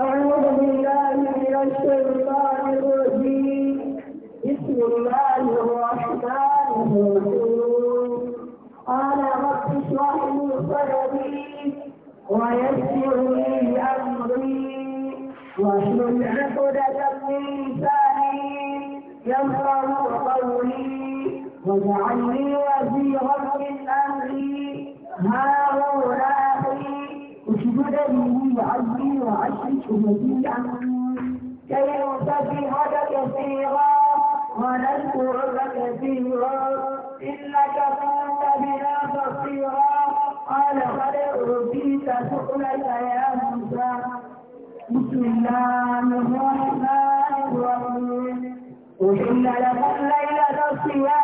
أعوذ بالله من الشيطان الرجيم بسم الله الرحمن الرحيم قال رب اشرح لي صدري ويسر لي أمري واحلل عقدة من لساني يفقه قولي واجعل لي وزيرا من أهلي هذا كي نسبحك كثيرا ونذكرك كثيرا إنك كنت بنا بصيرا قال قد أوتيت سؤلك يا موسى بسم الله الرحمن الرحيم أحل لك الليلة الصيام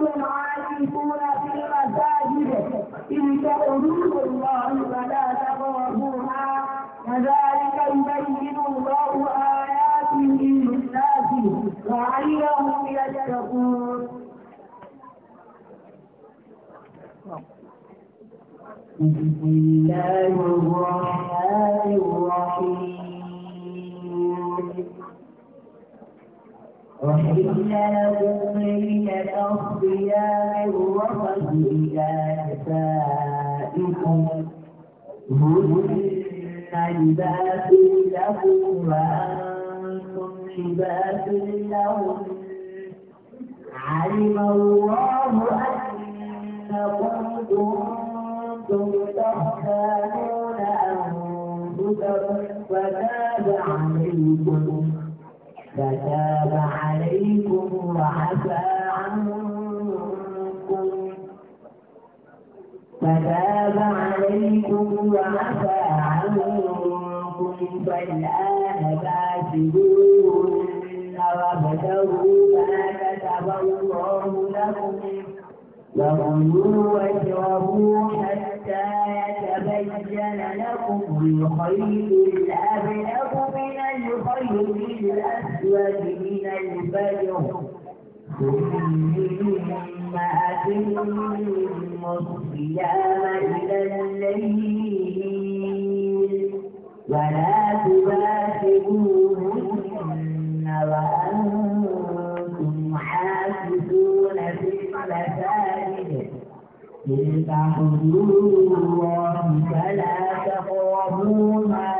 أنتم عاكفون في المساجد تلك حدود الله فلا تقربوها كذلك يبين الله آياته للناس لعلهم يتقون بسم الله الرحمن الرحيم وحل لكم ليلة الصيام الرفث إلى نسائكم هن لباس لكم وأنتم لباس لهم علم الله أنكم كنتم تختانون أنفسكم فتاب عليكم فتاب عليكم وعفى عنكم فتاب عليكم وعفى عنكم فالآن باشروهن وابتغوا ما كتب الله لكم وكلوا واشربوا حتى حتى يتبين لكم الخيط الأبلغ من الخيط الأسود من الفجر ثم أتم الصيام إلى الليل ولا تباشروهن وأنتم حاسدون في المساجد لتعبدوا الله فلا تقربوها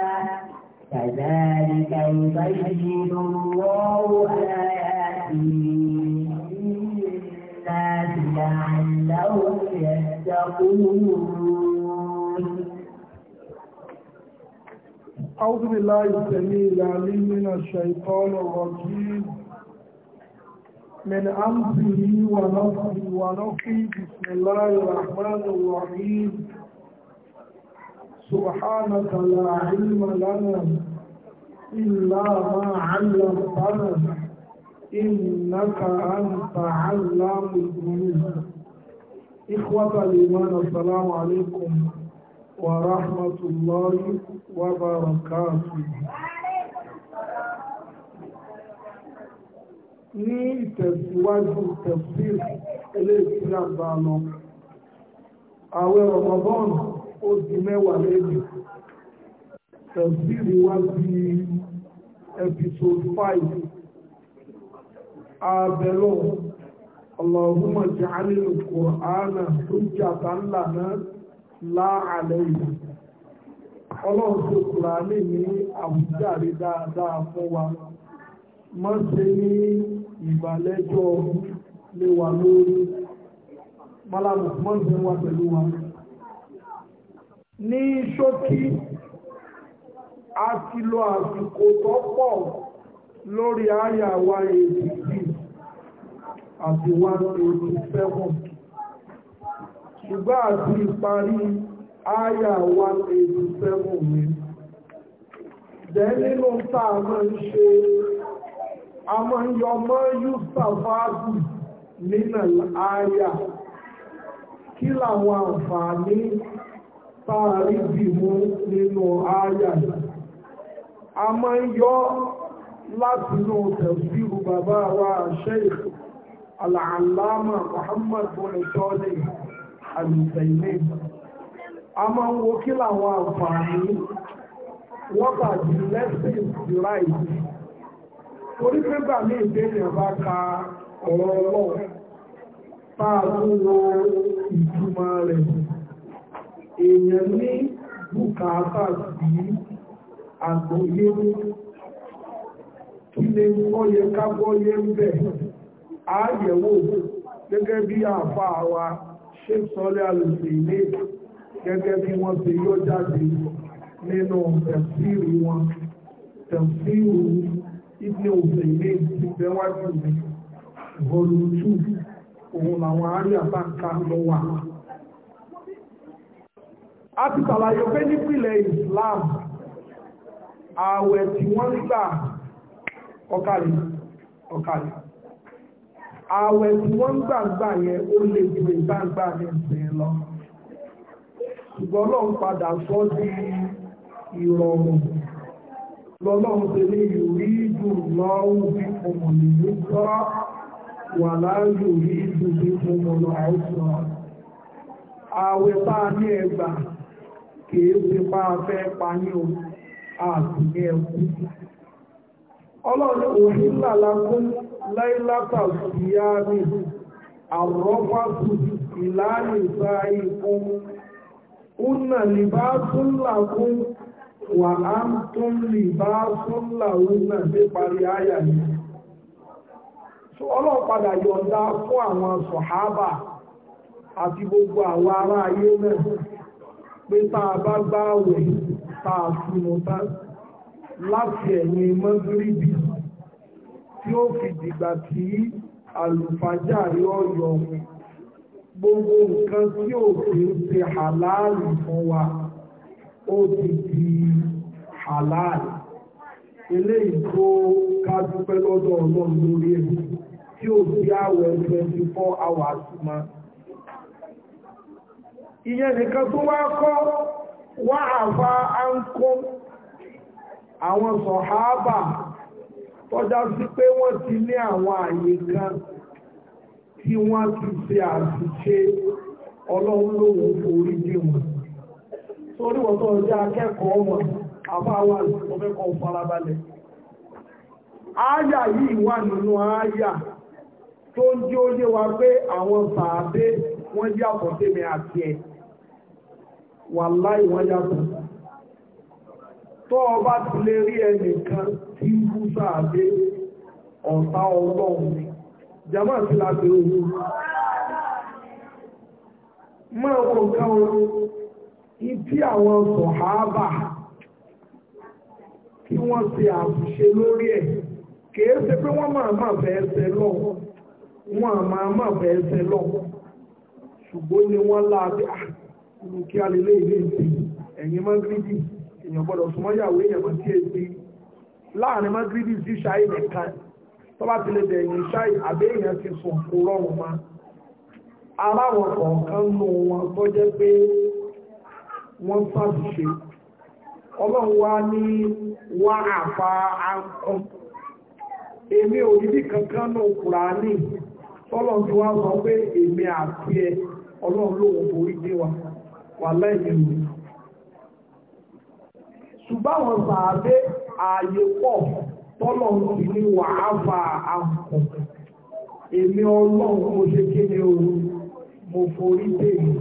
كذلك يبين الله آياته للناس لعلهم يتقون أعوذ بالله السميع العليم من الشيطان الرجيم من أمره ونفسه ونفسه بسم الله الرحمن الرحيم سبحانك لا علم لنا إلا ما علمتنا إنك أنت علام الغيوب إخوة الإيمان السلام عليكم ورحمة الله وبركاته ní ìtẹ̀síwájú tẹ̀síl eléèkìlá bá lọ. Àwẹ̀ Ramadan ó di mẹ́wàá lẹ́bí. Tẹ̀síl wá sí episode 5. Àbẹ̀lọ́ Allahumma ja'alil Qur'ana hujjatan lana la alayna. Ọlọ́run tó Kùránì ní àwùjáre dáadáa fún wa. Mọ́ ṣe ní ìbàlẹ́jọ́ lé wa lórí malamu mọ́nbẹ̀ wa pẹ̀lú wa ní ṣókí a ti lo àsìkò tó pọ̀ lórí àyà wa èdè àti 187 ṣùgbọ́n àti ìparí àyà 187 mi jẹ́ nínú táà máa ń ṣe a máa ń yọ mọ́ yúsàfáàbù nínà àyà kí làwọn àǹfààní tààrí bìmú nínú àyà a máa ń yọ láti inú tẹ̀síru bàbá wa sheikh alàlámà Muhammad bonitoli alùsẹ̀lẹ̀ a máa ń wo kí làwọn àǹfààní what are the lessons derived torí pé gbà ní ìbéèrè bá ka ọ̀rọ̀ ọlọ́run táà tún wo ìtumọ̀ rẹ̀ èèyàn ní bùkátà sí àgbóyé kí lè gbọ́yẹ ká gbọ́yẹ ń bẹ̀ ààyẹ̀wò gẹ́gẹ́ bí àfà wa ṣe sọ́lẹ̀ àlùsè ilé gẹ́gẹ́ bí wọ́n ṣe yọ jáde nínú tẹ̀síìrì wọn tẹ̀síìrì ibi òbí ilé ìgbẹ́ wájú mi bọ́ọ̀lù tù òun làwọn arí àbáǹkà lọ wà. a ti ṣàlàyé pé nípìnlẹ̀ Islam ààwẹ̀ tí wọ́n gbà ọkàlì ọkàlì ààwẹ̀ tí wọ́n gbàgbà yẹn ó lè ju ìgbàgbà yẹn bẹ́ẹ̀ lọ ṣùgbọ́n lọ́n padà sọ́ di ìrọ̀rùn lọ́lọ́run ṣe ní ìrí ìdùnlọ́rùn bí ọmọlè ní tọ́rọ wà láàájú rí ìdùn bí ọmọlè àìsàn ààwẹ̀ bá ní ẹgbà kìí fẹ́ pààyàn ní ẹkú ọlọ́run òfin làlákún láìláta síyá mi àrọ́pàtù ìlànà nà bá tún làkún wà á tó lè bá sọ́là òun dé parí àyà ni ọlọ́pàdà yọ̀ǹda fún àwọn sọ̀hábà àti gbogbo àwọn ará ayé náà pé tá a bá gbáwẹ̀ tá a láti ẹ̀yìn mọ́gíríbì tí ó fi dìgbà tí àlùfájà yọ yọ gbogbo nǹkan tí òfin ti hàláàlù fún wa ó ti di halal eléyìí tó ká dúpẹ́ lọ́dọ̀ ọlọ́run lórí ẹ̀ tí ó di àwẹ̀ 24 hours mọ́ ìyẹn nìkan tó wá kọ́ wá àfa áńkó àwọn sọ̀háábà tọ́já sí pé wọ́n ti ní àwọn àyè kan tí wọ́n ti ṣe àṣìṣe ọlọ́run lóhun forí dì torí wọ́n tó jẹ́ akẹ́kọ̀ọ́ wọn àbáwà ìfẹ́kọ̀ọ́ farabalẹ̀ ááyà yìí wà nínú ááyà tó ń jí ó yé wa pé àwọn sàábé wọ́n jẹ́ àpọ̀tẹ́mẹ́ àti ẹ̀ wà láì wọ́n yàtọ̀ ọba ti lè rí ẹnìkan ibi àwọn sọ̀háábà tí wọ́n ti àbùṣe lórí ẹ̀ kìí ṣe pé wọ́n máa máa bẹ̀ẹ́ ṣe lọ wọ́n máa máa bẹ̀ẹ́ ṣe lọ ṣùgbọ́n ni wọ́n láàbí ah, àkùnrin kí a lè lé ilé ìsìn ẹ̀yìn mágírídì èèyàn gbọ́dọ̀ súnmọ́yàwó èèyàn mọ̀ sí èsì láàrin mágírídì sí ṣáì nìkan tó bá ti lè bẹ̀yìn ṣáì àbẹ́ èèyàn ti sùn kó rọrùn ma aláwọ̀ kọ̀ọ̀kan nù wọn tó jẹ́ pé wọ́n sábì ṣe ọlọ́run wá ní wá àfà àǹkọ́ èmi ò níbi kankan náà Kùránì tọ́lọ́run ti wá sọ pé èmi àti ẹ ọlọ́run lòun borí dé wa wà lẹ́yìn mi ṣùgbọ́n àwọn sàádé ààyè pọ̀ tọ́lọ́run ti ní wà àfà àǹkọ́ èmi ọlọ́run mo ṣe kí ni o mo forí dé yìí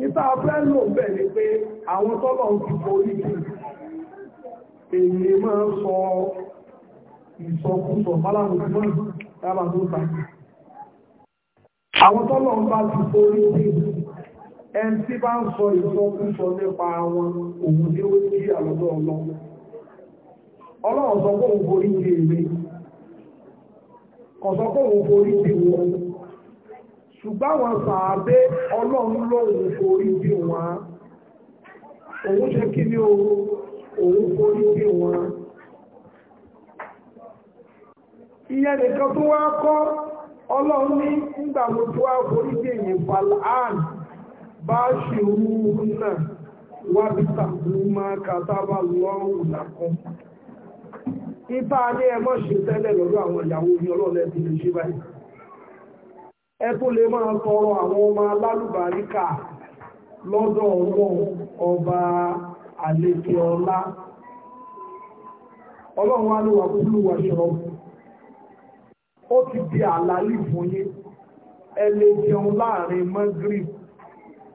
níta fẹ́ lò bẹ̀ ni pé àwọn tọ́lọ̀ ń fi orí jù èyí máa ń sọ ìsọkúsọ fálàmùsọ lábà tó ta àwọn tọ́lọ̀ ń bá ti orí jù ẹn tí bá ń sọ ìsọkúsọ nípa àwọn òun ní ó jí àlọ́dọ̀ ọlọ́run ọlọ́run sọ pé òun forí jù èrè kọ̀sọ́kọ̀ òun forí jù wọn ṣùgbọ́n àwọn sàábé ọlọ́run lóòrùn forí bí wọn òun ṣe kí ní òun forí bí wọn ìyẹn nìkan tó wá kọ́ ọlọ́run ní ńgbà mo bí èyí falhan bá ṣe rú náà wá bí tàbí kàtàbà lọ́rùn lákọ́ ìta ní ẹmọ́ ṣe tẹ́lẹ̀ àwọn ẹ tó lè máa tọrọ àwọn ọmọ alálùbáríkà lọ́dọ̀ ọlọ́run ọba àlejò ọlá ọlọ́run wá ló wà kúlù wà ṣọ́rọ̀ ó ti di àlàálì fún yín ẹ lè jẹun láàrin Magrib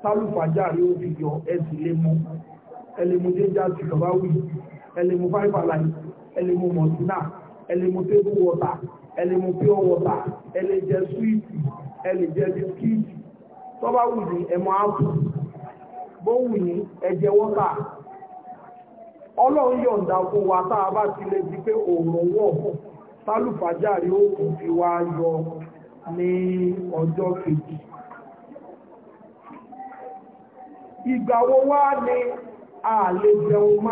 tálùfàjáre ó fi yọ ẹ sì lè mú ẹ lè mú jẹjá ti lọ́bá wì ẹ mú five alive ẹ mú mọ̀tínà ẹ lè jẹ bisikíìtì tó ẹmọ ápù bó wù ní ẹjẹ ọlọ́run yọ̀ǹda fún wa tá a bá ti lè di pé òòrùn wọ̀ tálùfàjáàrí fi wá yọ ní ọjọ́ kejì ìgbà wo wá ni a lè jẹun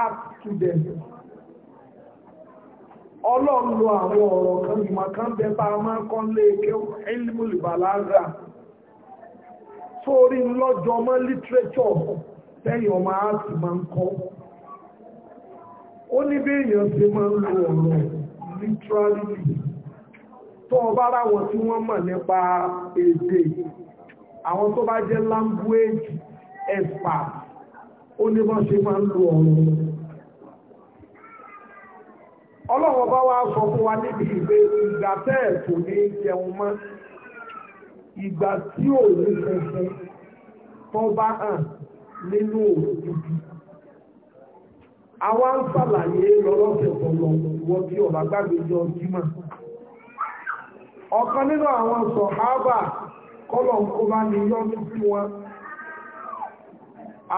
app student ọlọ́run lo àwọn ọ̀rọ̀ kan ìmọ̀ kan bẹ bá máa kọ́ lé eke ilmul balaga sórí lọ́jọ́ ọmọ lítírẹ́tọ̀ tẹ́yìn ọmọ áàtì máa ń kọ́ ó ní bí èèyàn ṣe máa ń lo ọ̀rọ̀ literally tó ọba ara wọn tí wọ́n mọ̀ nípa èdè àwọn tó bá jẹ́ language expert ó ní bọ́n ṣe máa ń lo ọ̀rọ̀ ọlọ́wọ́ bá wá sọ fún wa níbi ìgbé ìgbà tẹ́ẹ̀ tó ní jẹun mọ́ ìgbà tí òun funfun tó bá hàn nínú òun dúdú àwa ń ṣàlàyé lọ́lọ́sẹ̀ tọ̀lọ̀ wọ́n tí ọ̀rọ̀ agbábẹ́jọ jímọ̀ ọ̀kan nínú àwọn sọ̀hábà kọ́lọ̀ kó bá ní yọ́nú sí wọn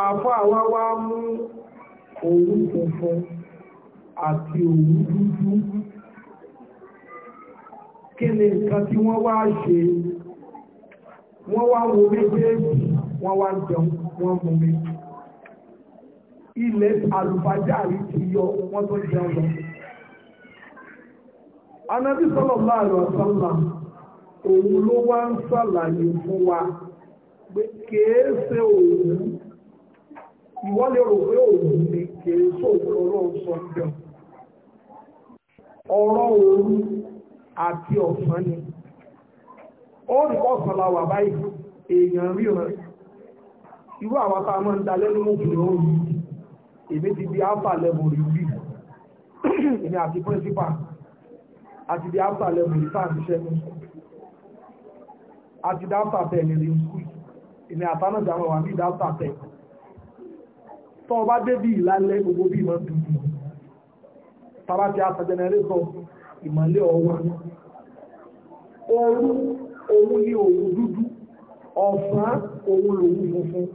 àfọ́ àwa wá mú òun funfun àti òwú dúdú kí ni nǹkan tí wọ́n wá ṣe wọ́n wá wo méjèèjì wọ́n wá jẹun wọ́n mú mi ilẹ̀ àlùfájàrí ti yọ wọ́n tó jẹun lọ anábì sallallahu alaihi wasallam òun ló wá ń ṣàlàyé fún wa pé kèé ṣe òun ìwọ́lẹ̀ rò pé òun ni kèé ṣòun lọ́rọ̀ sọ́jọ́ ọ̀rọ̀ òru àti ọ̀sán ni ó rí kọ́sàn la wà báyìí èèyàn ríran irú àwọn tá a máa ń dalẹ́ nínú òkùnrin òru èmi ti di alpha level review èmi àti principal àti di alpha level ìfà àṣìṣẹ́ mi àti di alpha bẹ́ẹ̀ ni rí skul èmi àtànàjà wọn wà ní di alpha bẹ́ẹ̀ tọ́ ọ bá ìlálẹ́ gbogbo bí ìmọ̀ dùn tàbá ti àtà jẹnẹrétọ̀ ìmọ̀lẹ́ ọwọ́ òru òun ni òun dúdú ọ̀sán òun lòun funfun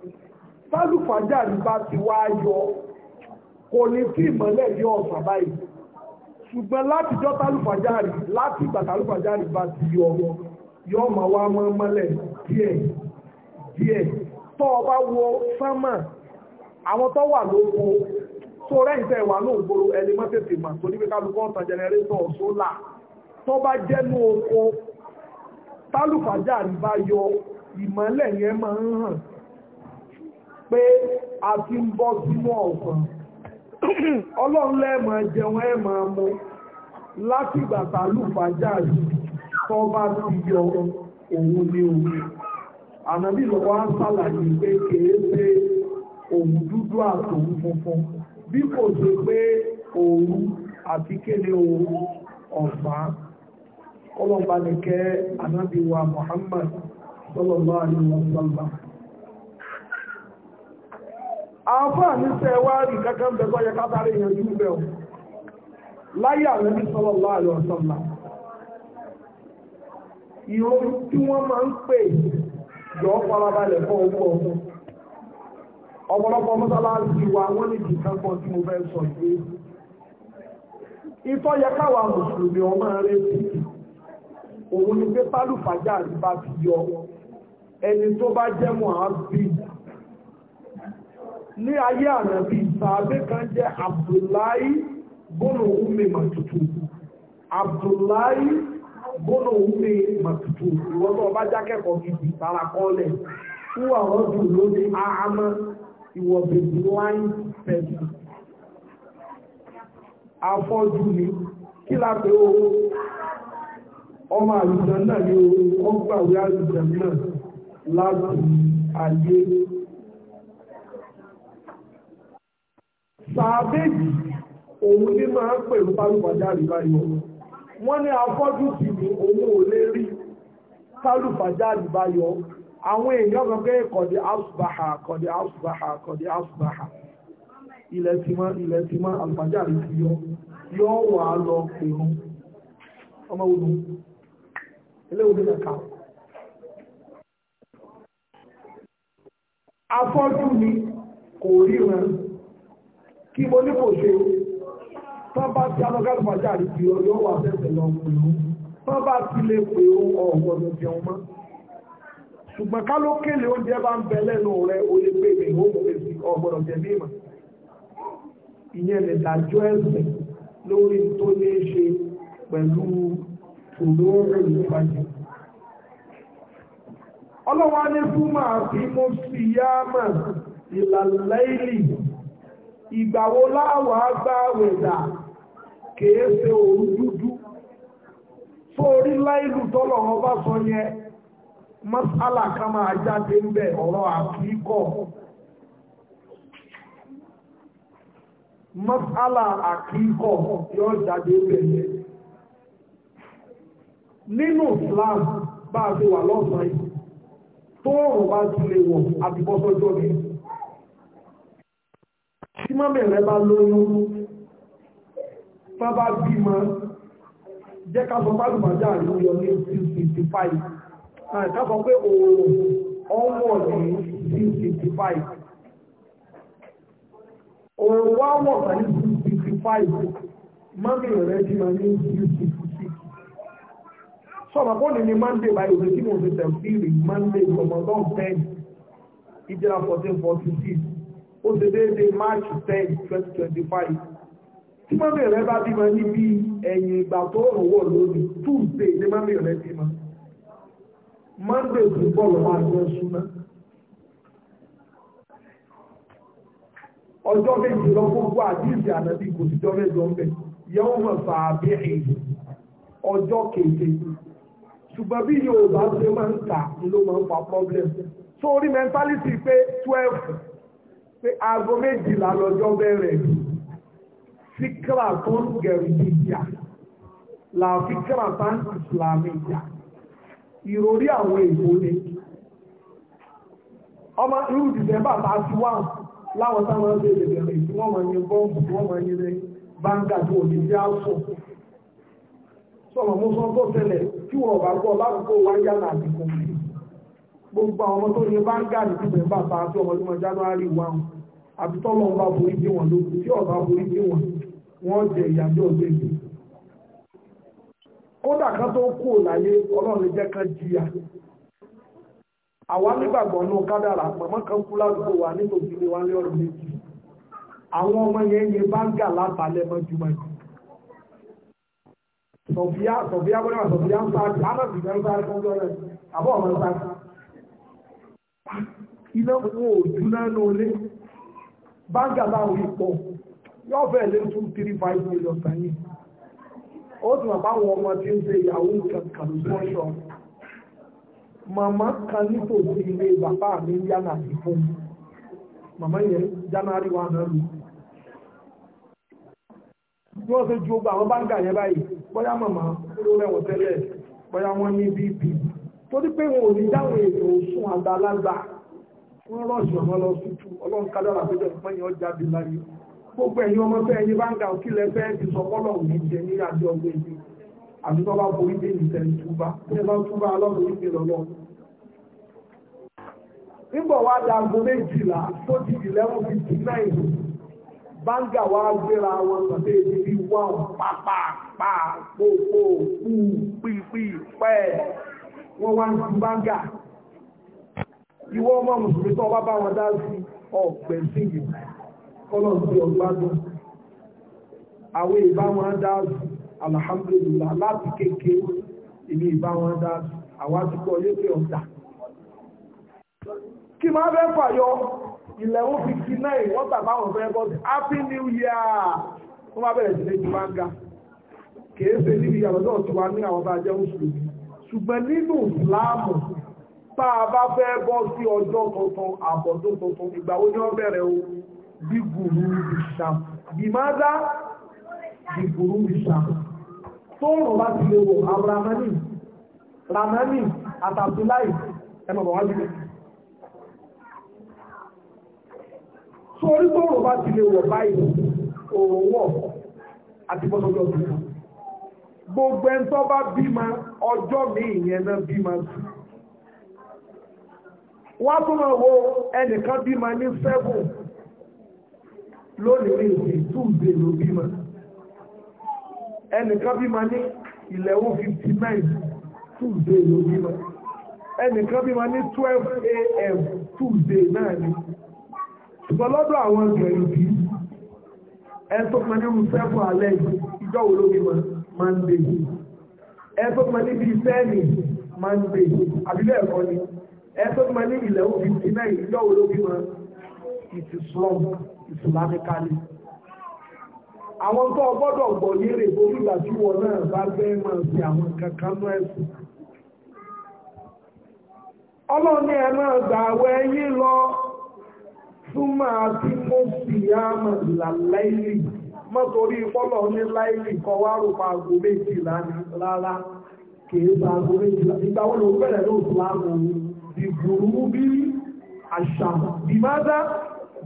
tálùfàjà ní bá ti wá yọ kò ní sí ìmọ̀lẹ̀ yọ ọ̀sán báyìí ṣùgbọ́n láti jọ tálùfàjà rí láti ìgbà tálùfàjà rí bá ti yọ yọ ọmọ wa mọ́ mọ́lẹ̀ díẹ̀ díẹ̀ tó o bá wo sánmà àwọn tó wà lóko tó rẹ́yìn tẹ́ wà lóò gbòòrò ẹni mọ́ tètè mà tó níbi kálukọ́ ọ̀tàn jẹnẹrétọ̀ tó bá jẹ́nu oko tálùfàjà bá yọ ìmọ́lẹ̀ yẹn máa ń hàn pé a ti ń bọ́ sínú ọ̀sán ọlọ́run lẹ́ẹ̀mọ̀ jẹun ẹ̀mọ̀ mu láti ìgbà tálùfàjà tó bá ti yọ òun ní omi ànábì á pé kèé ṣe òun dúdú àtòun funfun bí kò ṣe pé òru àti kéde òru ọ̀fà ọlọ́ba nìkẹ́ ànábì Muhammad sallallahu alaihi wasallam àfáà ní sẹ́wárì kankan bẹ̀gbọ́ yẹ kátàrí ìyànjú bẹ̀ ọ̀ láyé ànábì sallallahu alaihi ihe ìròyìn tí wọ́n máa ń pè fún ọ̀pọ̀lọpọ̀ mọ́sálásí wa wọ́n ní kìkan kan tí mo fẹ́ sọ pé ìtọ́ yẹ káwa mùsùlùmí ọmọ rẹ̀ sí òun ni pé pálùfàjà àríbá ti yọ ẹni tó bá jẹ́ mọ̀hábí ní ayé ànàbí sàábé kan jẹ́ Abdullahi bọ́nà ume màtútù Abdullahi bọ́nà ume màtútù ìwọ́n tó bá jákẹ́kọ̀ọ́ gidi tààrà kọ́lẹ̀ fún àwọn jù lónìí àhámọ́ He was a blind person. Afọ́jú ni, kí lápẹ́ owó, ọmọ àlùjọ náà ni owó, wọ́n gbàwé àlùjọ náà láti ayé. Sàbẹ́jì, òun ní máa ń pẹ̀lú pálùpàdé àríbáyọ. Wọ́n ní afọ́jú sì ni òun ò lè rí pálùpàdé àríbáyọ àwọn èèyàn kan pé kọ̀dí asùbáhà kọ̀dí asùbáhà kọ̀dí asùbáhà ilẹ̀ ti mọ́ ilẹ̀ ti mọ́ àlùfájà rí ti yọ yọ wà á lọ pèrún ọmọ olú eléwòlú ẹ̀ka afọ́jú mi kò ríran kí mo ní kò ṣe tán bá ti alọ́gálùfájà rí ti yọ yọ wà á fẹ́fẹ́ lọ pèrún tán bá ti lè pèrún ọ̀gbọ̀dọ̀ jẹun mọ́ ṣùgbọ́n ká ló kéle oúnjẹ bá ń bẹ lẹ́nu rẹ oyè pé mi ò mọ̀ èsì ọ̀gbọ̀dọ̀ jẹ̀bi ìmọ̀ ìyẹn lè dájọ́ ẹ̀sìn lórí tó ní í ṣe pẹ̀lú tòlóòrò ìfàjì ọlọ́wọ́ ní túmọ̀ àti mo sì yá mà ìlàlẹ́ìlì ìgbàwo láwà gbáwẹ̀dà kèése òru dúdú sórí láìlù tọ́lọ̀ ọba sọ yẹn masala kan máa jáde ń bẹ̀ ọ̀rọ̀ àkíkọ̀ masala àkíkọ̀ yóò jáde ń bẹ̀ yẹn nínú Islam bá a ti wà lọ́sàn yìí tó ọ̀rọ̀ bá ti lè wọ̀ àtibọ́sọ́jọ́ mi tí mọ́mí rẹ bá lóyún tó bá bímọ jẹ́ ká sọ bá lùmọ́jà rí ní 1965 àtàkọ̀ ah, pé òòrùn ọwọ́ ní 55 òòrùn wá wọ̀ pẹ̀lú 55 mọ́mí rẹ̀ ti máa ní 56 sọ̀rọ̀ kó ní ní monday by òwe tí mo ti tẹ̀sí rí monday kọ̀mọ̀dọ́n 10 ìjìlá 1446 ó ti déédéé march 10 2025 tí mọ́mí rẹ̀ bá bímọ níbi ẹ̀yìn ìgbà tó rùn wọ̀ lónìí tuesday ní mọ́mí rẹ̀ bímọ monday ti bọ́ọ̀lù máa jẹ́ súná ọjọ́ méjì lọ gbogbo àdíìsì ànábì kò sí jọ́rẹ́ jọ mbẹ̀ yẹ́wò mọ̀ fàábí èyí ọjọ́ kéde ṣùgbọ́n bí Yorùbá ṣe máa ń kà ló máa ń fa problem so orí mẹ́ntálítì pé twelve pé aago méjìlá lọ́jọ́ bẹ̀rẹ̀ fíkra tó ń gẹ̀rù jíjà làfikra tó ń ìsìlámì jà ìròrí àwọn èèbò ni ọmọ irú dìsẹ́mbà bá ti wà láwọn táwọn ń bèèrè bẹ̀rẹ̀ tí wọ́n mọ̀ ní bọ́ǹbù tí wọ́n mọ̀ ní rẹ̀ báńgà tó ní bí á sọ sọ̀rọ̀ mú sọ tó ṣẹlẹ̀ tí wọ́n bá gbọ́ lákòókò wáyà láti kò ní gbogbo àwọn ọmọ tó ní báńgà ní dìsẹ́mbà bá ti ọmọ ọdún january one àbítọ́lọ́ ọba borí dé wọn lókun tí ọba borí dé wọn wọ́n jẹ ìyàjọ́ gbèsè kódà kan tó kú láyé ọlọ́run jẹ́ kan jìyà àwa nígbàgbọ́ ní kádàrà pẹ̀mọ́ kan kú ládùúgbò wa nítòsí ilé wa lé ọ̀rọ̀ méjì àwọn ọmọ yẹn yẹn bá ń gà látàlẹ́ mọ́júmọ́ yìí sọ̀fíà sọ̀fíà bọ́lá sọ̀fíà ń sáré ánàbì ń sáré fún ọjọ́ àbọ̀ ọmọ ń sáré iná wo òjúná ní olé báńgà láwọn ipò yóò lé two three five million sanyìn ó na mọ̀ báwọn ọmọ tí ń ṣe ìyàwó kankan sọ́ṣọ́ màmá kan nítòsí ilé bàbá mi nye yá nàbí fún mi màmá yẹn january one náà lù bí wọ́n ṣe ju ogbà àwọn báńkà yẹn báyìí kpọya màmá ló rẹ̀wọ̀n tẹ́lẹ̀ bóyá tu ọjà gbogbo ẹ̀yin ọmọ fẹ́ ẹni bá ń ga òkìlẹ̀ fẹ́ ti sọ kọ́lọ̀ òní jẹ ní àjọ ọgbẹ́ ìdí àti tó bá borí dé ìtẹ̀ ìtúbá tẹ́ bá túbá ọlọ́run ìdí lọ́lọ́ nígbà wá da aago méjìlá tó di eleven fifty nine báńgà wá gbéra wọn pàdé ibi bí wọ́n pàpàpà pòpò kú pípí pẹ́ wọ́n wá ń fi báńgà ìwọ ọmọ mùsùlùmí tó ọba bá wọn dá sí ọ̀pẹ̀ sí ìgbà kọ́lọ̀ sí ọgbádùn àwọn ìbá wọn dáàbò alhamdulillah láti kéèké ìní ìbá wọn dáàbò àwọn àtúkọ̀ yẹ́pẹ̀ ọ̀dà kí máa fẹ́ fàyọ ilẹ̀ ó fi kí náà ìwọ́n tàbá wọn fẹ́ bọ́ sí happy new year wọ́n máa bẹ̀rẹ̀ sí ní ju máa ń ga kìí ṣe níbi ìyàlọ́dọ̀ ọ̀tún wa ní àwọn bá jẹ́ mùsùlùmí ṣùgbọ́n nínú ìsìláàmù tá a bá fẹ́ bọ́ sí ọjọ́ tuntun àbọ̀dún tuntun ìgbà wo ni wọ́n bẹ̀rẹ̀ o bí gbòòrò ìṣàm bí máa dá bí gbòòrò ìṣàm tó rọ̀ bá ti lè wọ̀ àwọn ramani ramani àtàbdùláì ẹmọ̀ bọ̀ wájú lè tó orí tó rọ̀ bá ti lè wọ̀ báyìí òòrùn wọ̀ àti bọ́sọ̀jọ́ ọdún gbogbo ẹni tó bá bímọ ọjọ́ mi ìyẹn náà bímọ sí wọ́n tún máa wo ẹnìkan bímọ ní sẹ́fún lónìí ní ìsìn túùdé ló bímọ ẹnìkan bímọ ní eleven fifty nine túùdé ló bímọ ẹnìkan bímọ ní twelve a.m. túùdé náà ni ṣùgbọ́n lọ́dọ̀ àwọn gẹ̀rù kìí ẹ̀tọ́ pẹ̀ ní rúfẹ́fọ́ alẹ́ ìjọ wo ló bímọ Monday ẹ̀tọ́ pẹ̀ ní bíi sẹ́ẹ̀nì Monday àbílẹ̀ ẹ̀kọ́ ni ẹ̀tọ́ pẹ̀ ní eleven fifty ìjọ wo ló bímọ it is wrong islamically àwọn tó gbọ́dọ̀ gbọ́ yéré bóyú ìgbàjú wọn náà bá bẹ́ẹ̀ máa fi àwọn kankan náà ẹ̀sìn ọlọ́ni ẹ̀ máa gbà àwọ̀ ẹ̀yìn lọ súnmọ́ àti mo sì yá máa là láìlì mọ́tòrí fọ́lọ̀ ní láìlì kọ́ wá rò pa aago méjìlá ní rárá kìí sa aago méjìlá ìgbà wo ló bẹ̀rẹ̀ lóòtú láàmú ìgbòrú bí àṣà ìmádá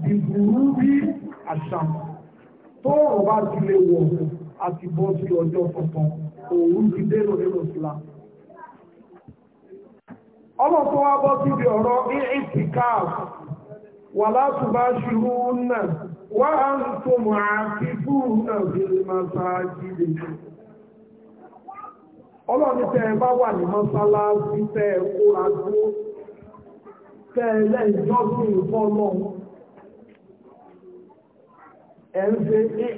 ìgbòrú bí àṣà tó ọ̀rọ̀ bá ti lè wọ̀ àti bọ́ sí ọjọ́ tuntun òun ti dérò nínú ìsìlá ọmọ tó wá bọ́ síbi ọ̀rọ̀ ìtìkáf wà látùbá ṣirú náà wà á ń tó mọ̀ àfífú náà bí masájídé ọlọ́ni tẹ́ ẹ bá wà ní mọ́sálásí tẹ́ ẹ kóra dúró tẹ́ ẹ lẹ́yìn jọ́sìn ìfọ́lọ́run ẹ̀ ń ṣe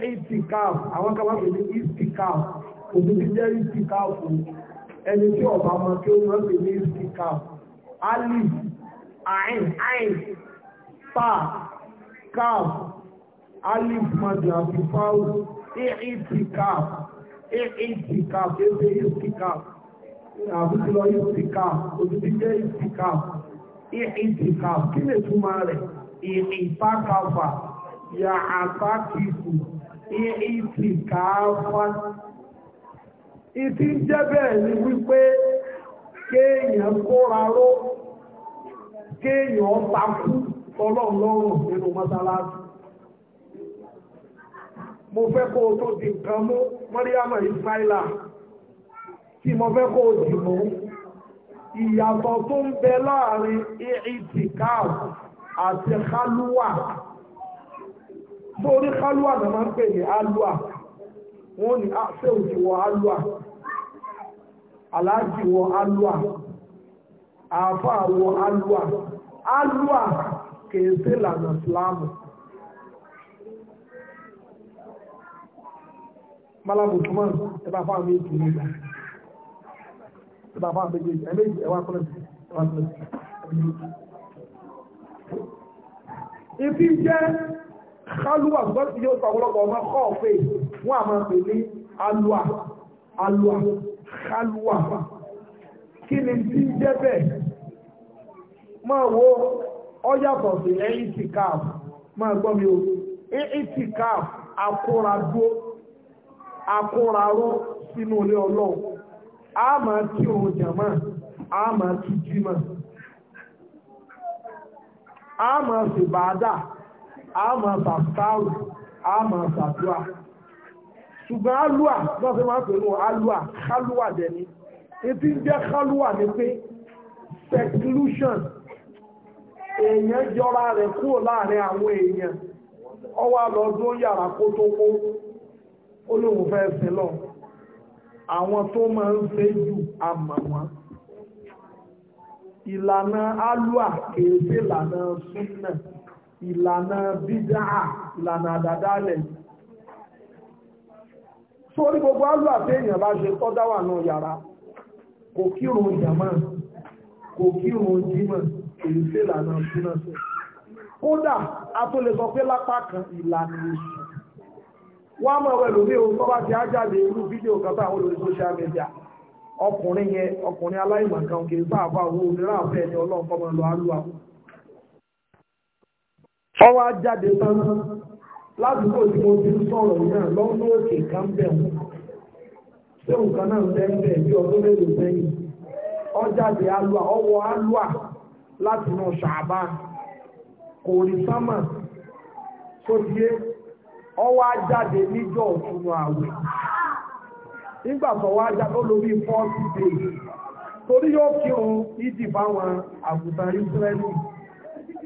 itikaf àwọn kan bá pè ní itikaf òtún ti jẹ́ itikaf ẹni tí ọba ọmọ kí ó máa pè ní itikaf alif ain ain pa kaf alif madu àti fáwù itikaf itikaf ebe itikaf àbúkú lọ itikaf òtún ti jẹ́ itikaf itikaf kí lè túmọ̀ rẹ̀ ìpákàfà yà àtàkìkù ìtì káàfà ìtì ń jẹ́ bẹ́ẹ̀ ni wípé kéèyàn kóra ró kéèyàn takú ọlọ́ọ̀lọ́rùn nínú mọ́sálásí mo fẹ́ kó o tó di nǹkan mú mọ́ríyàmọ̀ ìsáìlà tí mo fẹ́ kó o dì mú ìyàtọ̀ tó ń bẹ láàrin ìtìkáàfù àti kálúwà torí kálúà náà máa ń pè ní alúà wọ́n ní sèwùjì ah, wọ alúà aláàjì wọ alúà àáfàá wọ alúà alúà kìí sí ìlànà ìsìláàmù. malabu tuma ẹ bá fáwọn méjì nígbà ẹ bá fáwọn méjì ẹ méjì ẹ wá kúrẹ́ ẹ wá kúrẹ́ ẹ ìfi jẹ́ kálúwà gbọ́n ti yóò tọ̀pọ̀lọpọ̀ ọmọ kọ́ọ̀fẹ́ wọ́n àmọ́ pè ní alùwà alùwà kálúwà kí ni tí ń jẹ́ bẹ́ẹ̀ máa wo ọyàtọ̀ sí etikaf máa gbọ́ mi o etikaf akóradó akóraró sínú ilé ọlọ́run a máa kí òun jàmá a máa kí jímọ̀ a máa sì bàádà a máa sàtàrù a máa sàdúà ṣùgbọ́n alúà náà fi máa ń pèrò alúà kálúà dẹni etí ń jẹ́ kálúà ni pé seclusion èèyàn jọra rẹ̀ kúrò láàrin àwọn èèyàn ọwọ́ àlọ́dún yàrá kó tó kó ó lóun fẹ́ sí lọ àwọn tó máa ń ṣe jù àmà wọn ìlànà alúà kèéfé ìlànà súnà ìlànà bídáà ìlànà àdàdálẹ̀ sórí gbogbo alúwà pé èèyàn bá ṣe tọ́dáwà náà yàrá kò kírun ìjàmọ́ kò kírun jímọ̀ èyí sí ìlànà súná sí kódà a tó lè sọ pé lápá kan ìlànà èṣù wọ́n mọ̀ ẹ̀rọ ẹlòmí o tọ́ bá ti ájáde irú fídíò kan táwọn olórí social media ọkùnrin yẹn ọkùnrin aláìmọ̀kan kì í sáà bá owó onírànfẹ́ ẹni ọlọ́ọ̀kọ́mọ lọ alúwa ọwọ́ ajáde tán lásìkò tí mo ti ń sọ̀rọ̀ náà lọ́nà òkè kan bẹ̀rù ṣé nǹkan náà ń bẹ́ẹ̀ bí ọdún mélòó sẹ́yìn ọjáde alúà ọwọ́ alúà láti inú ṣàbá kò rí sámà tó díé ọwọ́ ajáde níjọ́ òtúnú àwẹ̀ nígbà tó wá jáde olórí fọ́ọ̀sì dé torí yóò kírun ìdìbò àwọn àgùntàn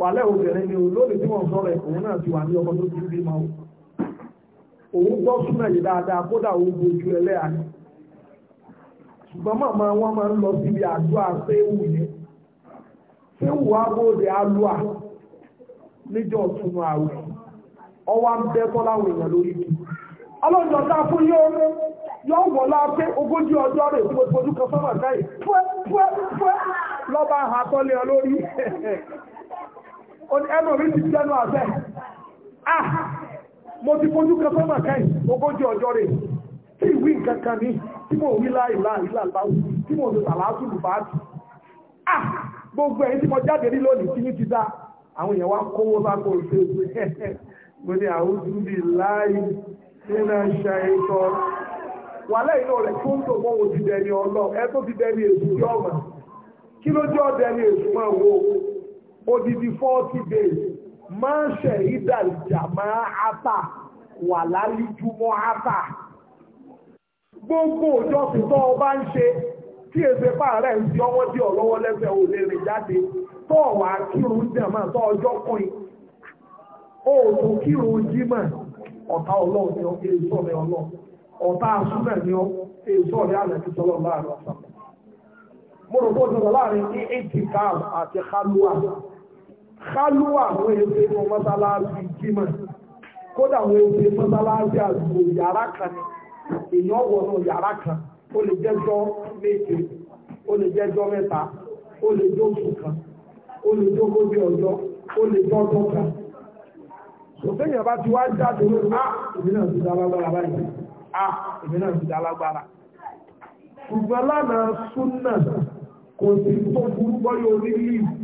wàlẹ́ obìnrin ni olóòlù tí wọ́n sọ̀rọ̀ ẹ̀kùn náà ti wà ní ọmọ tó ti bí ma o òun gbọ́ súnmọ̀ dáadáa kódà òun ṣùgbọ́n màmá wọn máa ń lọ síbi àdúrà séwù yẹn séwù alúà túnú ọwọ́ lórí fún yóò mú yóò ẹnu orí ti jẹ́nu àfẹ́ ah mo ti fojú kan sọ́mà káì ogójì ọjọ́ rẹ̀ tí ìwí nǹkan kan ní tí mo wí láìláì láìláì tí mo ti sàlátù ah gbogbo ẹ̀yìn tí mo jáde rí lónìí tí ti dá àwọn èèyàn wá ń kówó ṣe mo ní àwùjọ bíi láì nínú ṣe ìtọ́ wà lẹ́yìn náà rẹ̀ tó ń tò mọ́ òdìdẹ́ni ọlọ́ ẹ tó ti dẹni èsù kí ló odidi forty days máa ń ṣe ìdàjà máa ata wà lálíjúmọ́ ata gbogbo ìjọsìn tó o bá ń ṣe tí èsè pààrẹ̀ ń di ọwọ́ dí ọ̀lọ́wọ́ lẹ́sẹ̀ ò lè rìn jáde tó wà kírun jẹ̀mọ́ tó ọjọ́ kùn ó tó kírun jímọ̀ ọ̀tá ọlọ́run ni ó èso ọ̀rẹ́ ọlọ́run ọ̀tá asúnmẹ̀ ni ó èso ọ̀rẹ́ àlẹ́kí sọ́lọ́ láàrin ọ̀sán mo rò bó ti sọ láàrin ní eighty five àti halluwa kálú àwọn èèfé mọ́sálásí jímọ̀ kódà àwọn èèfé mọ́sálásí àdúgbò yàrá kan ni èèyàn wọnú yàrá kan ó lè jẹ́jọ́ méje ó lè jẹ́jọ́ mẹ́ta ó lè jókòó kan ó lè jógójì ọjọ́ ó lè jọ́dún kan òfèèyàn bá ti wá jáde lórí á ah, èmi náà ti dálágbára báyìí á ah, èmi náà ti dálágbára ṣùgbọ́n lánàá súnà kò sí tó burú bọ́yọ̀ orí yìí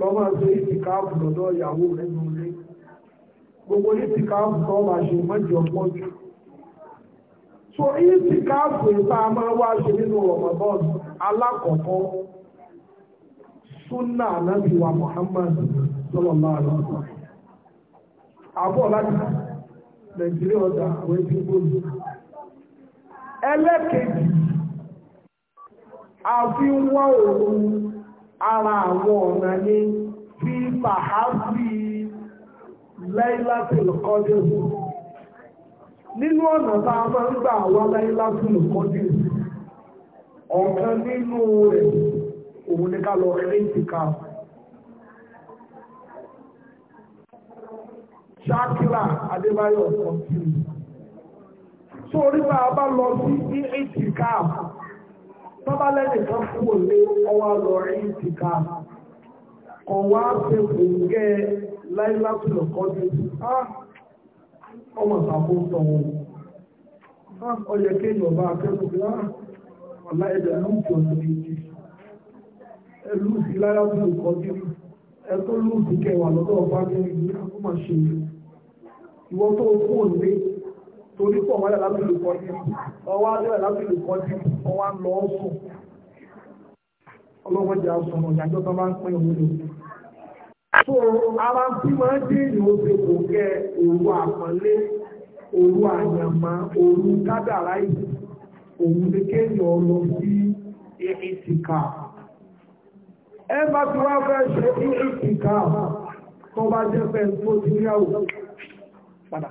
lọ́mọ ṣe ìtìkáàbù lọ́dọ̀ ìyàwó rẹ̀ ní ilé gbogbo ìtìkáàbù tó wà ṣe mọ́jọ so jù so ìtìkáàbù ìta máa wá ṣe nínú Ramadan alákọ̀ọ́kọ́ suna ànábì wa Muhammad sallallahu àbọ̀ láti nàìjíríà ọ̀dà àwọn ẹbí ẹlẹ́kẹ̀ẹ́jì àfi wá òun ara àwọn ọ̀nà ní bí bàhábí láìlátìlù kọ́dẹ̀sù nínú ọ̀nà tá a máa ń gbà wá láìlátìlù kọ́dẹ̀sù ọ̀kan nínú rẹ̀ òun ní ká lọ kírìtìkà adébáyọ̀ kọ́ntínú sórí bá bá lọ sí ní tọ́bá lẹ́nì kan kúrò lé ọwá lọ rí ti ká kan wá ṣe kò ń gẹ́ láìlátùlọ̀ kọ́jú ọmọ ìsàkó ń tọ̀ wọn ọyẹ kéèyàn bá akẹ́kọ̀ọ́ bí ọ̀la ẹ̀dẹ̀ ló ń tọ̀ lórí ìjì ẹlú sí láìlátùlọ̀ kọ́jú ẹ tó lù sí kẹwàá lọ́dọ̀ ọba ní ìlú àkọ́mọ̀ṣe ìwọ́n tó kúrò lé torí pọ̀ wọ́n lábí ìlú kan ní ọwọ́ adúlẹ̀ lábí ìlú kan ní ọwọ́ lọ sùn ọlọ́wọ́dì àsùn ọ̀nà ìdájọ́ tó máa ń pín òun lò. so ara tí máa ń dín ìlú oṣù kò kẹ òru àpọ́nlé òru àyànmá òru kádàrá ìlú òun ni kéèyàn lọ sí ìtìkà. ẹ bá ti wá fẹ́ ṣe ìtìkà tó bá jẹ́ pẹ́ tó ti rí àwòrán padà.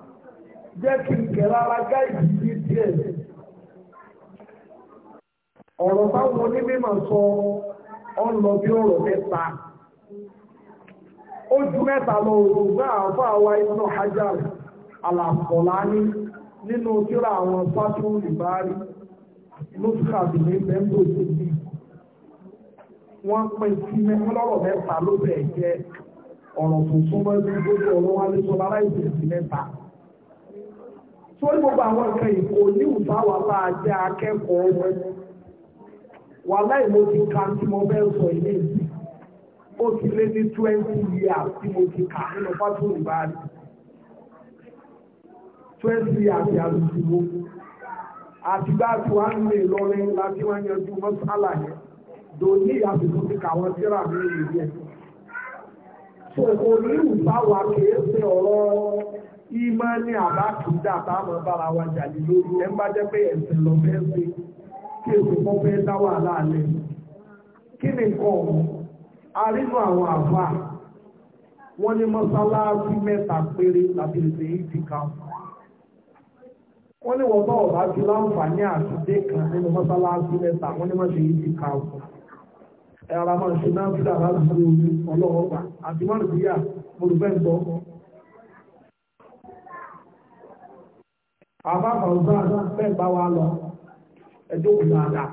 jẹ́ kí n kẹ̀rọ ara gáìdì yìí díẹ̀. ọ̀rọ̀ táwọn onímọ̀ sọ ọ́n lọ bí ọ̀rọ̀ mẹ́ta ó ju mẹ́ta lọ òògùn àfọ́ àwa inú hajar alàfọ̀láni nínú tíra àwọn sátú ìbárí lóṣùkàbì ní bẹ́ńdò tó bí wọ́n pín sí mẹ́lọ́rọ̀ mẹ́ta ló bẹ̀ jẹ́ ọ̀rọ̀ tó súnmọ́ sí gbogbo ọ̀rọ̀ wálé sọ lára ìbẹ̀rẹ̀ sí mẹ́ta torí gbogbo àwọn nǹkan ìkò ní ìfáwà bá a jẹ́ akẹ́kọ̀ọ́ ọmọ wà láì mo ti ka tí mo fẹ́ sọ ilé yìí ó ti lé ní twenty years tí mo ti kà nínú fásitì olùbárí twenty years àlùsùwò àti bá a ti wá nílé Ìlọrin láti wá yanjú mọ́sálà yẹn dòní àbùkù ti kà wọ́n síra mi nìyẹn. Sọ̀kò ní ìfáwà kìí ṣe ọ̀rọ̀ ìmọ̀ ní àbákìdá táàmù bára wa jàdí lórí ẹ bá jẹ́ pé ẹ̀sìn lọ fẹ́ ṣe kí èsì kan fẹ́ dá wà láàlẹ́ kí ni nǹkan ọ̀hún arínú àwọn àfà wọ́n ní mọ́sálásí mẹ́ta péré láti lè ṣe kan wọ́n ní wọ́n bá ọ̀bá ti láǹfààní àtúndé kan nínú mọ́sálásí mẹ́ta wọ́n ní mọ́ṣe yìí ti ẹ̀rọ máa ń ṣe láti ṣe àbábà ọ̀gbọ́n náà fẹ́ bá wa lọ ẹjọ́ òun dáadáa.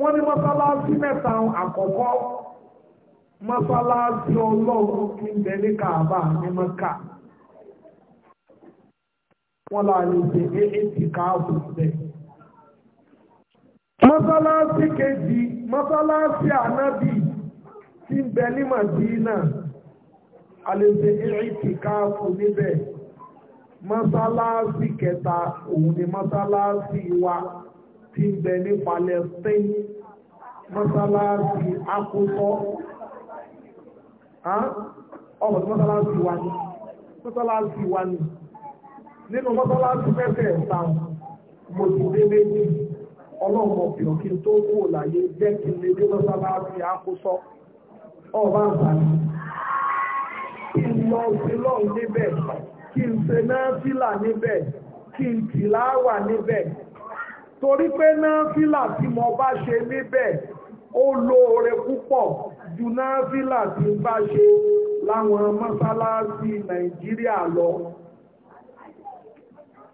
wọ́n ní mọ́sálásí mẹ́ta àkọ́kọ́ mọ́sálásí ọlọ́run ti ń bẹ ní kàábà ní mọ́kà. wọ́n là lè ṣe éèdì káàbù bẹ́ẹ̀. mọ́sálásí kejì mọ́sálásí ànábì ti ń bẹ ní màdínà a lè é éèdì káàbù níbẹ̀ mọ́sálásí kẹta òun ni mọ́sálásí wa ti ń bẹ ní Palestine mọ́sálásí akótọ́ ọmọ tí mọ́sálásí wa ni mọ́sálásí wa ni nínú mọ́sálásí mẹ́fẹ̀ ẹ̀ta mo ti dé méjì ọlọ́mọ ọ̀pìọ̀ kí n tó kúrò láyé jẹ́ kí n lè dé mọ́sálásí akótọ́ ọba àǹfààní kí n lọ sí lọ́ọ̀ níbẹ̀ kí n ṣe náfìlà níbẹ̀ kí n tìláwà níbẹ̀ torí pé náfìlà tí mo bá ṣe níbẹ̀ ó lóore púpọ̀ ju náfìlà tí n bá ṣe láwọn mọ́sálásí nàìjíríà lọ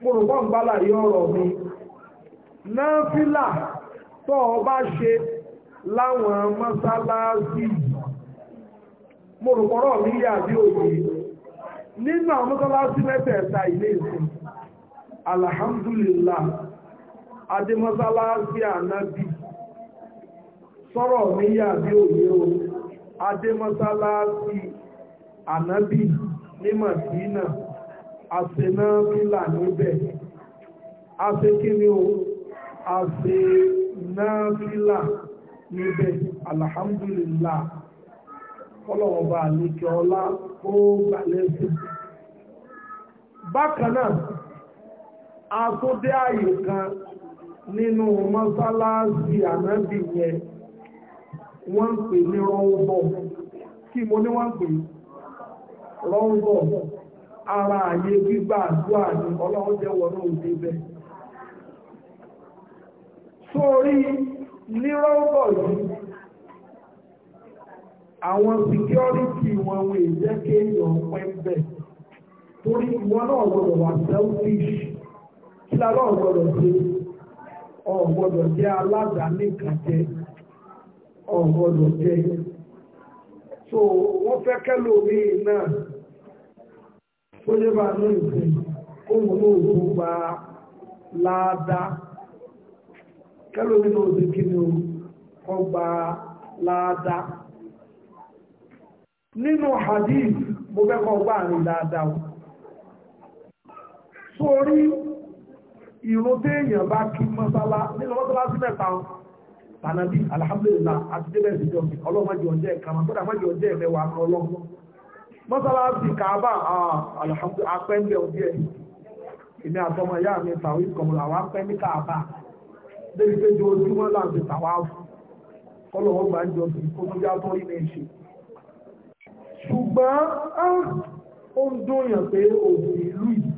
mo rò bọ́ ń ọ̀rọ̀ mi náfìlà tó o bá ṣe láwọn mọ́sálásí mo mi yà bí òye nínú àwọn mọ́sálásí mẹ́tẹ̀ẹ̀ta ilé ìsìn alhamdulillah adémọ́sálásí ànábì sọ́rọ̀ níyà bí òye o adémọ́sálásí ànábì ní Màdínà àṣẹ́nà bílà níbẹ̀ aṣẹ́kíní o àṣẹ́nà níbẹ̀ alhamdulillah kọ́lọ̀wọ̀ bá ọlá ó gbà lẹ́sìn náà a tó dé ààyè kan nínú mọ́sálásí ànábì yẹn wọ́n ń pè ní rọ́ọ̀bọ̀ kí mo ní wọ́n ń pè rọ́ọ̀bọ̀ ara àyè gbígbà àdúrà ní ọlọ́run jẹ́ wọnú òde sórí ní rọ́ọ̀bọ̀ àwọn security wọn wọn èjẹ́ kéèyàn pẹ́ bẹ̀ torí ìwọ náà gbọ́dọ̀ wà selfish kí la náà gbọ́dọ̀ ṣe o gbọ́dọ̀ jẹ́ aládàáníkàjẹ́ o gbọ́dọ̀ jẹ́ so wọ́n fẹ́ kẹ́lòmí náà tó lé bá ní ìsìn kóhùn ní òkú gba láadáa kẹ́lòmí náà ó ti kí ni ó kọ́ gba láadáa. nínú hadith mo fẹ́ kọ́ gbà ní dáadáa sórí ìrun téèyàn bá kí mọ́sálá nínú mọ́sálásí mẹ́ta tànàbí alhamdulillah àti débẹ̀ ìjọ ọlọ́mọdé ọjọ́ ẹ̀ka máa kódà mọ́jọ ọjọ́ ẹ̀mẹ́wà kan ọlọ́mọ mọ́sálásí kàábà ṣùgbọ́n ó ń dóyàn pé òfin ìlú yìí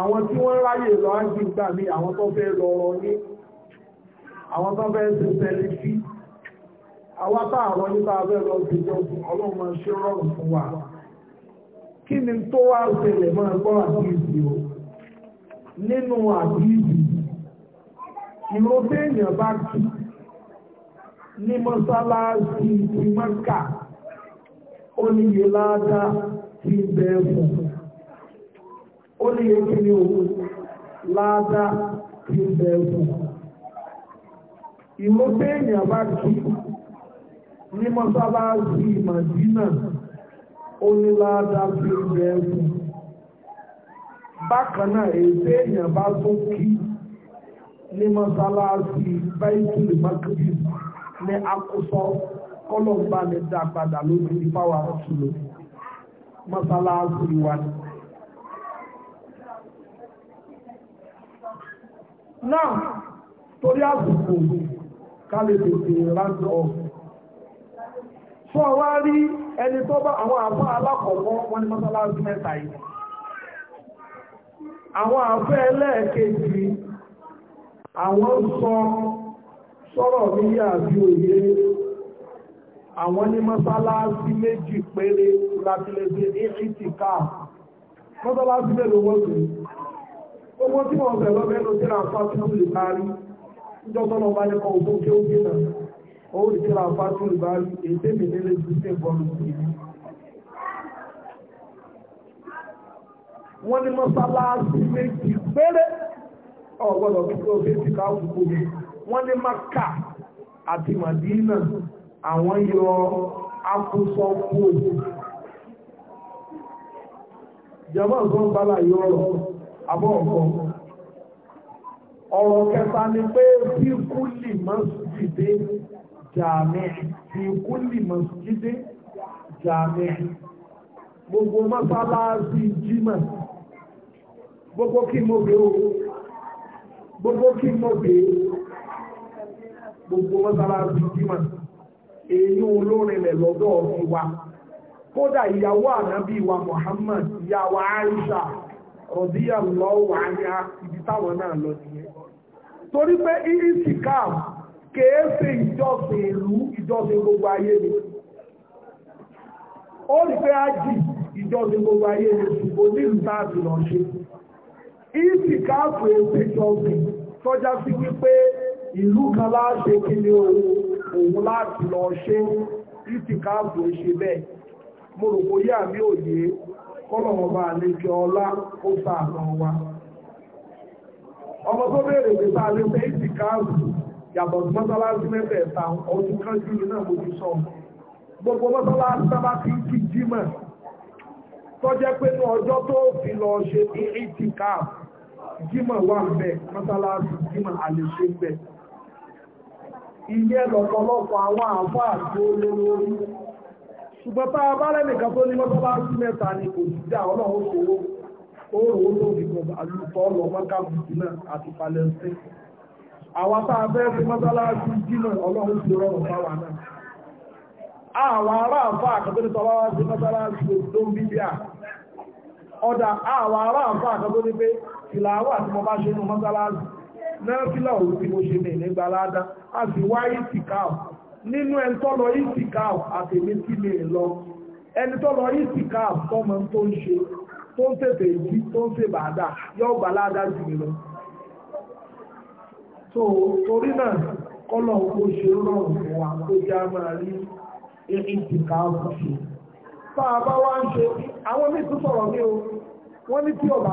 àwọn tí wọ́n ráyè lọ ájú ìgbà mi àwọn tó fẹ́ lọ ọ̀rọ̀ ní àwọn tó fẹ́ ṣe tẹ́lẹ̀ sí àwọn táàrọ̀ ní bá fẹ́ lọ sí jọ ọlọ́run ṣe rọrùn fún wa kí ni tó wá ṣẹlẹ̀ máa gbọ́ àdíìsì o nínú àdíìsì ìró téèyàn bá kí ní mọ́sálásí ti mọ́kà ó ní iye láádá tí ń bẹ fún ó ní iye kí ni o láádá tí ń bẹ fún ìwọ téèyàn bá kí ní mọ́sálásí Mádínà ó ní láádá tí ń bẹ fún bákan náà èyí téèyàn bá tún kí ní mọ́sálásí Baitul Maqdis ní akúsọ́ kọ́lọ̀ ń bá mi dá fáwọn àtúlò mọ́sálásí wa náà torí àsìkò kálẹ̀ tètè rántí fún ọwá rí ẹni tó bá àwọn àfá alákọ̀ọ́kọ́ wọn ni mọ́sálásí mẹ́ta yìí àwọn àfẹ́ ẹlẹ́ẹ̀kejì àwọn sọ àwọn ní mọ́sálásí méjì péré lábílẹ̀dé ìrìtìká mọ́sálásí mẹ́lò wọ́n sí owó tí wọ́n bẹ̀rọ mẹ́lò tí ra fásitì lè parí ìjọsọ́nà bá nípa òkú kí ó gbé náà owó tí ra fásitì lè parí èdè mi nílé sí sí ìbọnù sí wọ́n ní mọ́sálásí méjì péré ọ̀gbọ́dọ̀ kí ó gbé ti ká wọ́n ní Mákà àwọn yọ akúsọ kúrò ìjọba nǹkan bala yọ ọ̀rọ̀ abọ́ ọ̀kan ọ̀rọ̀ kẹta ni pé bí kúlì mọ́sídìdé jàmí bí kúlì mọ́sídìdé jàmí gbogbo mọ́sálásí jímọ̀ gbogbo kí mo bè o gbogbo kí mo bè gbogbo mọ́sálásí jímọ̀ èyí olórin rẹ̀ lọ́dọ̀ sí wa kódà ìyàwó ànábì wa Muhammad ìyàwó Aisha rọ̀díyà lọ́wọ́ àyà ibi táwọn náà lọ torí pé iristikam kèé ṣe ìjọsìn ìlú ìjọsìn gbogbo ayé ni ó rí pé ájì ìjọsìn gbogbo ayé ni ṣùgbọ́n táàbì lọ ṣe ìjọsìn tọ́já sí wípé ìlú kan òun láti lọ ṣe ìtìkáàbò ṣe bẹ́ẹ̀ mo rò bó yà mí òye kọ́lọ̀wọ́ bá àlejò ọlá ó sàánà wa ọmọ tó béèrè pé bá lè fẹ́ ìtìkáàbò yàtọ̀ sí mọ́sálásí mẹ́fẹ̀ẹ́ta ọdún kan jù ní náà mo ti sọ gbogbo mọ́sálásí sábà ti ń kí jímọ̀ tó jẹ́ pé ní ọjọ́ tó fi lọ ṣe ìtìkáàbò jímọ̀ wà ń bẹ mọ́sálásí jímọ̀ àlè ṣe ń bẹ́ẹ̀ ihe lọ̀pọ̀lọpọ̀ àwọn àfáà tó lé lórí ṣùgbọ́n tá bá lẹ́nìkan tó ní mọ́tọ́ bá sí mẹ́ta ni kò sí dá ọlọ́run ṣòro oòrùn tó fi kan àlùfọ́ lọ mọ́ká bùsùnà àti tá a fẹ́ fi jìnà ọlọ́run ti rọrùn fáwa náà àwọn ará àfáà kan tó wá sí mọ́sálásí tó ń ọ̀dà náfìlà òru tí mo ṣe ní ìnígbà ládá a sì wá ìtìkáù nínú ẹni tó lọ ìtìkáù àtèmi tí mi lọ ẹni tó lọ ìtìkáù tọmọ tó ń ṣe tó ń tètè jí tó ń ṣe bàdà yóò gbà ládá jù mí lọ. tó torí náà kọ́lọ̀ ó ṣe rọrùn fún wa tó jẹ́ a máa rí ìtìkáù ṣe. tá a bá wá ń ṣe àwọn mí tún sọ̀rọ̀ mí o wọ́n ní tí ọ̀bà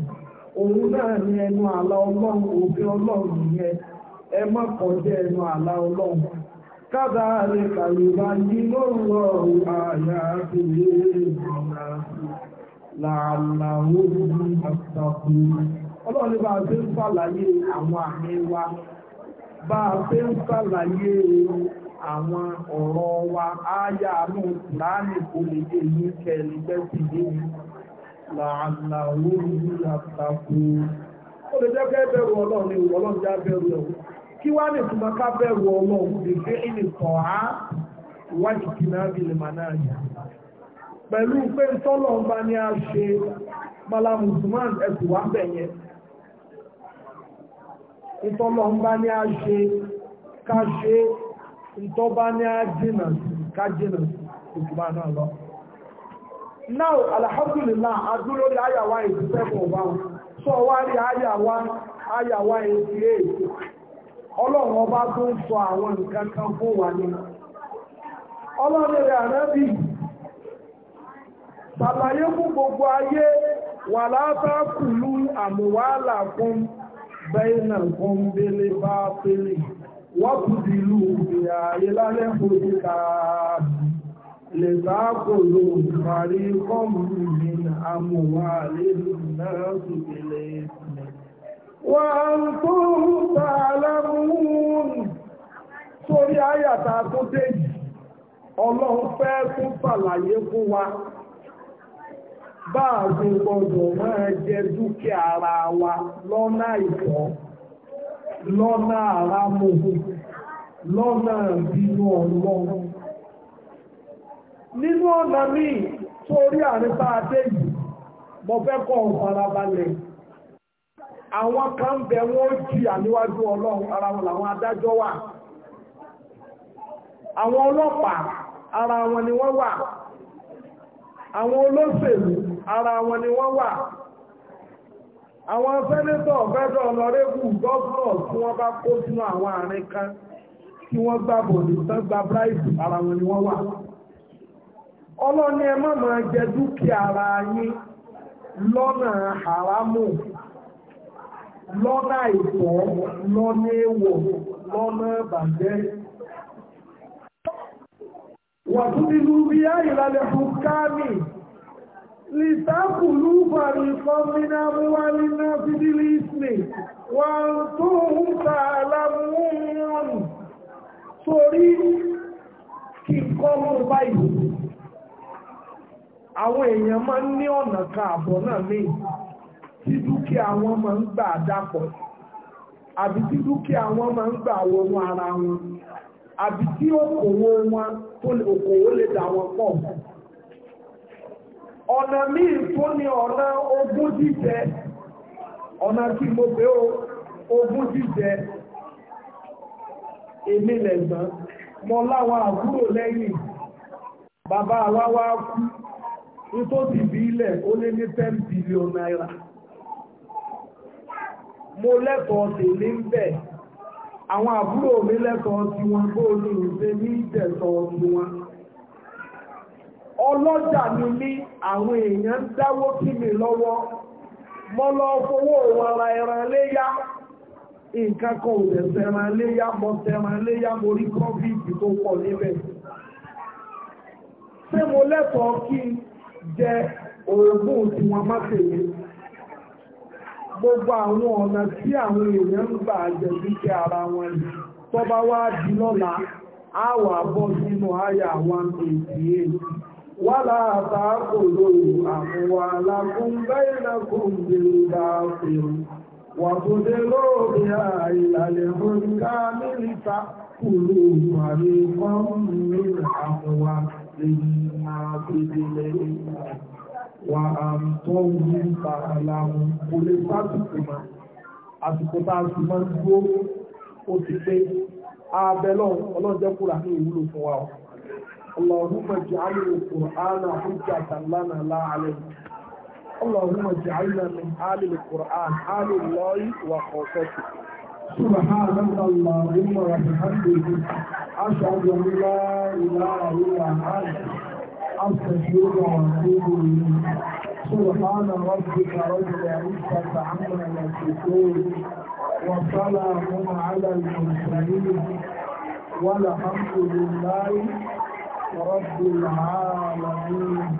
òun náà ní ẹnu àlà ọlọ́run òfin ọlọ́run yẹn ẹ má kọjá ẹnu ala ọlọ́run Kada lè kàlù bá yí lọ́rọ̀ àyà àbúlé ìrìnà làálàó àtàkù ọlọ́run bá a ṣe ń ṣàlàyé àwọn àmì wa bá a ń àwọn ọ̀rọ̀ wa àánú kò làálàwó yàtàkù ó lè jẹ́ kẹ́ bẹ̀rù ọlọ́run ni ọlọ́run já bẹ̀rù ẹ̀ kí wá ní ìtumọ̀ ká bẹ̀rù ọlọ́run lè fẹ́ ìlè tọ̀ á wájú kì náà bí lè màá náà yà pẹ̀lú pé tọ́lọ̀ ń bá ní a ṣe mala musulman ẹ̀sùn wá bẹ̀ ìtọ́lọ̀ ń bá ní a ṣe ká ṣe ìtọ́ ní a jìnà sí ká jìnà sí ìtumọ̀ náà lọ́wọ́ now alhamdulillah adúró lórí àyàwá ìdúpẹ́kọ̀ ọba sọ wá rí àyàwá ọlọ́run ọba tó ń sọ àwọn nǹkan kan fún wa ní ọlọ́run fún gbogbo ayé wà látàkùlú àmúwálà fún bẹ́ẹ̀nà fún bẹ́lẹ̀ bá pẹ́lẹ̀ wọ́pùdìlú lálẹ́ لتأكلوا فريقا من أموال الناس بالإثم وأنتم تعلمون sórí àyàtà tó dé yìí ọlọ́run fẹ́ tún ṣàlàyé fún wa bá a ṣe gbọdọ̀ máa jẹ dúkìá ara wa lọ́nà ìfọ́ lọ́nà àrámù lọ́nà ìbínú ọlọ́run nínú ọ̀nà míì tó orí àárín bá adé yìí mo fẹ́ kọ́ ìfarabalẹ̀ àwọn kan bẹ wọ́n jìyà níwájú ọlọ́run ara wọn làwọn adájọ́ wà àwọn ọlọ́pàá ara wọn ni wọ́n wà àwọn olóṣèlú ara wọn ni wọ́n wà àwọn sẹ́nẹ́tọ̀ fẹ́dọ̀ ọ̀nàrẹ́bù gọ́ọ̀nà tí wọ́n bá kó sínú àwọn àárín kan tí wọ́n gbàbọ̀ ara wọn ni wọ́n wà ọlọ́ni ẹ má máa jẹ dúkìá ara yín lọ́nà haramu lọ́nà ìtọ́ lọ́nà èèwọ̀ lọ́nà bàjẹ́ wàtúndínlú bí ayìlálẹ̀ fún kámi lìtàkùlù bàrí fọ́mínà wálé náà fídílì ìsìn wà tó ń ta alámúhùn sórí kí kọ́ mọ́ báyìí àwọn èèyàn ma ń ní ọ̀nà kan àbọ̀ náà míì tí dúkìá wọn ma ń gbà dàpọ̀ àbí tí dúkìá wọn ma ń gbà wọnú ara wọn àbí tí òkòwò wọn òkòwò lè dà wọn pọ̀ ọ̀nà míì tó ní ọ̀nà ogún jíjẹ wa wá nítòsí bí ilẹ̀ ó lé ní ten billion naira mo leto tèmi ń bẹ̀ àwọn àbúrò mi leto tí wọ́n bó ní ìṣe ní ìtẹ̀tọ̀ tí wọ́n ọlọ́jà mi ní àwọn èèyàn ń dáwó mi lọ́wọ́ mo lọ fowó wọn ẹran léyá nǹkan kan ò mo sẹran léyá mo rí tó pọ̀ níbẹ̀ ṣé mo leto kí jẹ́ oògùn tí wọ́n má tèlé gbogbo àwọn ọ̀nà tí àwọn èèyàn ń gbà jẹ ara wọn ni tó wá di lọ́la bọ́ sínú àyà 188 wà látàkò lóòrùn àmúwà bẹ́ẹ̀lẹ́kùn lè wà tó dé lóòrùn àìlàlẹ̀ mọ́ká mílíta àríkọ́ سيئات إليها وأمطرهم فألهم قل فاتكما àsìkò tá a sì máa ń dúró ó ti pé abẹ́lọ́ ọlọ́jẹ́ kúrà ní ìwúlò fún wa Allahumma ja'alna al-Qur'ana hujjatan lana la alayna Allahumma ja'alna min ahli al-Qur'an ahli Allahi wa khasatuhu سبحانك اللهم وبحمدك أشهد أن لا إله إلا أنت أستغفرك وأتوب إليك سبحان ربك رب العزة عما يصفون وسلام على المرسلين والحمد لله رب العالمين